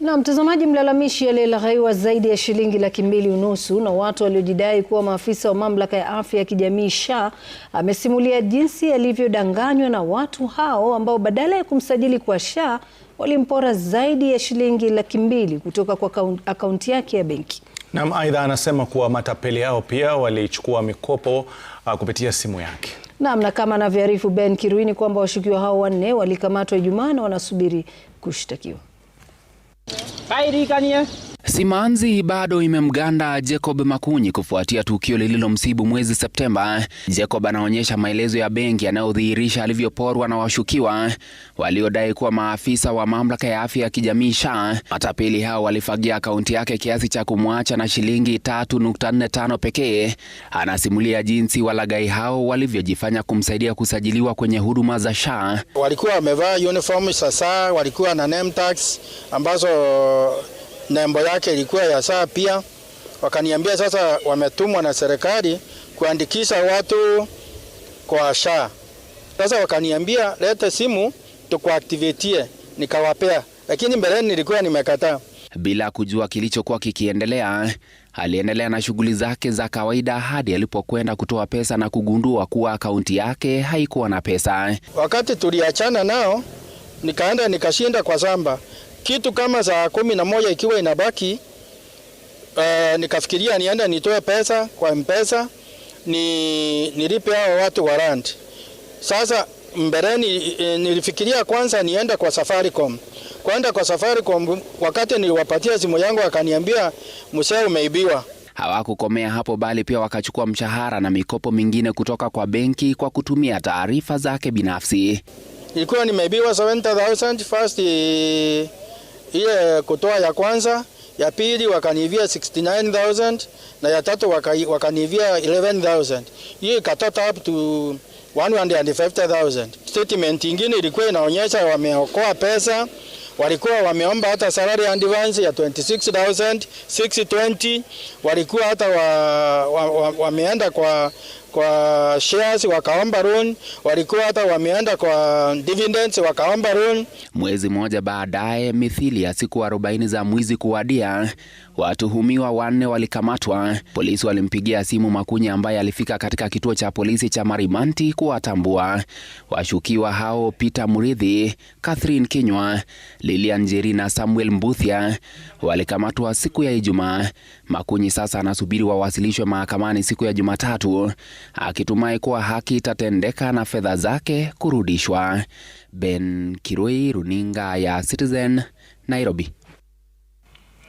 Na mtazamaji, mlalamishi aliyelaghaiwa zaidi ya shilingi laki mbili unusu na watu waliojidai kuwa maafisa wa mamlaka ya afya ya kijamii SHA amesimulia jinsi alivyodanganywa na watu hao ambao badala ya kumsajili kwa SHA walimpora zaidi ya shilingi laki mbili kutoka kwa akaunti yake ya benki. Naam, aidha anasema kuwa matapeli hao pia walichukua mikopo uh, kupitia simu yake. Naam, na kama anavyoarifu Ben Kirui ni kwamba washukiwa hao wanne walikamatwa Ijumaa na wanasubiri kushtakiwa. बाई रही का है Simanzi bado imemganda Jacob Makunyi kufuatia tukio lililomsibu mwezi Septemba. Jacob anaonyesha maelezo ya benki yanayodhihirisha alivyoporwa na washukiwa waliodai kuwa maafisa wa mamlaka ya afya ya kijamii SHA. Matapeli hao walifagia akaunti yake kiasi cha kumwacha na shilingi 3.45 pekee. Anasimulia jinsi walagai hao walivyojifanya kumsaidia kusajiliwa kwenye huduma za SHA. Walikuwa wamevaa uniform sasa, walikuwa na name tags ambazo nembo yake ilikuwa ya saa pia. Wakaniambia sasa wametumwa na serikali kuandikisha watu kwa SHA. Sasa wakaniambia lete simu tukuaktivetie, nikawapea, lakini mbeleni nilikuwa nimekataa. Bila kujua kilichokuwa kikiendelea, aliendelea na shughuli zake za kawaida hadi alipokwenda kutoa pesa na kugundua kuwa akaunti yake haikuwa na pesa. Wakati tuliachana nao, nikaenda nikashinda kwa shamba, kitu kama saa kumi na moja ikiwa inabaki uh, nikafikiria niende nitoe pesa kwa mpesa ni, nilipe hao watu wa warant. Sasa mbeleni eh, nilifikiria kwanza niende kwa Safaricom. Kwenda kwa Safaricom, wakati niliwapatia simu yangu akaniambia msee, umeibiwa. Hawakukomea hapo bali pia wakachukua mshahara na mikopo mingine kutoka kwa benki kwa kutumia taarifa zake binafsi. Ilikuwa nimeibiwa 70,000 first eh, ile kutoa ya kwanza, ya pili wakanivia 69000 na ya tatu wakanivia 11000. Hiyo ikatoka up to 150000. Statement ingine ilikuwa inaonyesha wameokoa pesa, walikuwa wameomba hata salary advance ya 620 walikuwa hata wa, wa, wa, wameenda kwa kwa shares wakaomba loan, walikuwa hata wameenda kwa dividends wakaomba loan. Mwezi mmoja baadaye, mithili ya siku 40 za mwizi kuwadia, watuhumiwa wanne walikamatwa. Polisi walimpigia simu Makunya ambaye alifika katika kituo cha polisi cha Marimanti kuwatambua washukiwa hao: Peter Murithi, Catherine Kinywa, Lilian Njeri na Samuel Mbuthia. Walikamatwa siku ya Ijumaa. Makunyi sasa anasubiri wawasilishwe mahakamani siku ya Jumatatu akitumai kuwa haki itatendeka na fedha zake kurudishwa. Ben Kirui, runinga ya Citizen, Nairobi.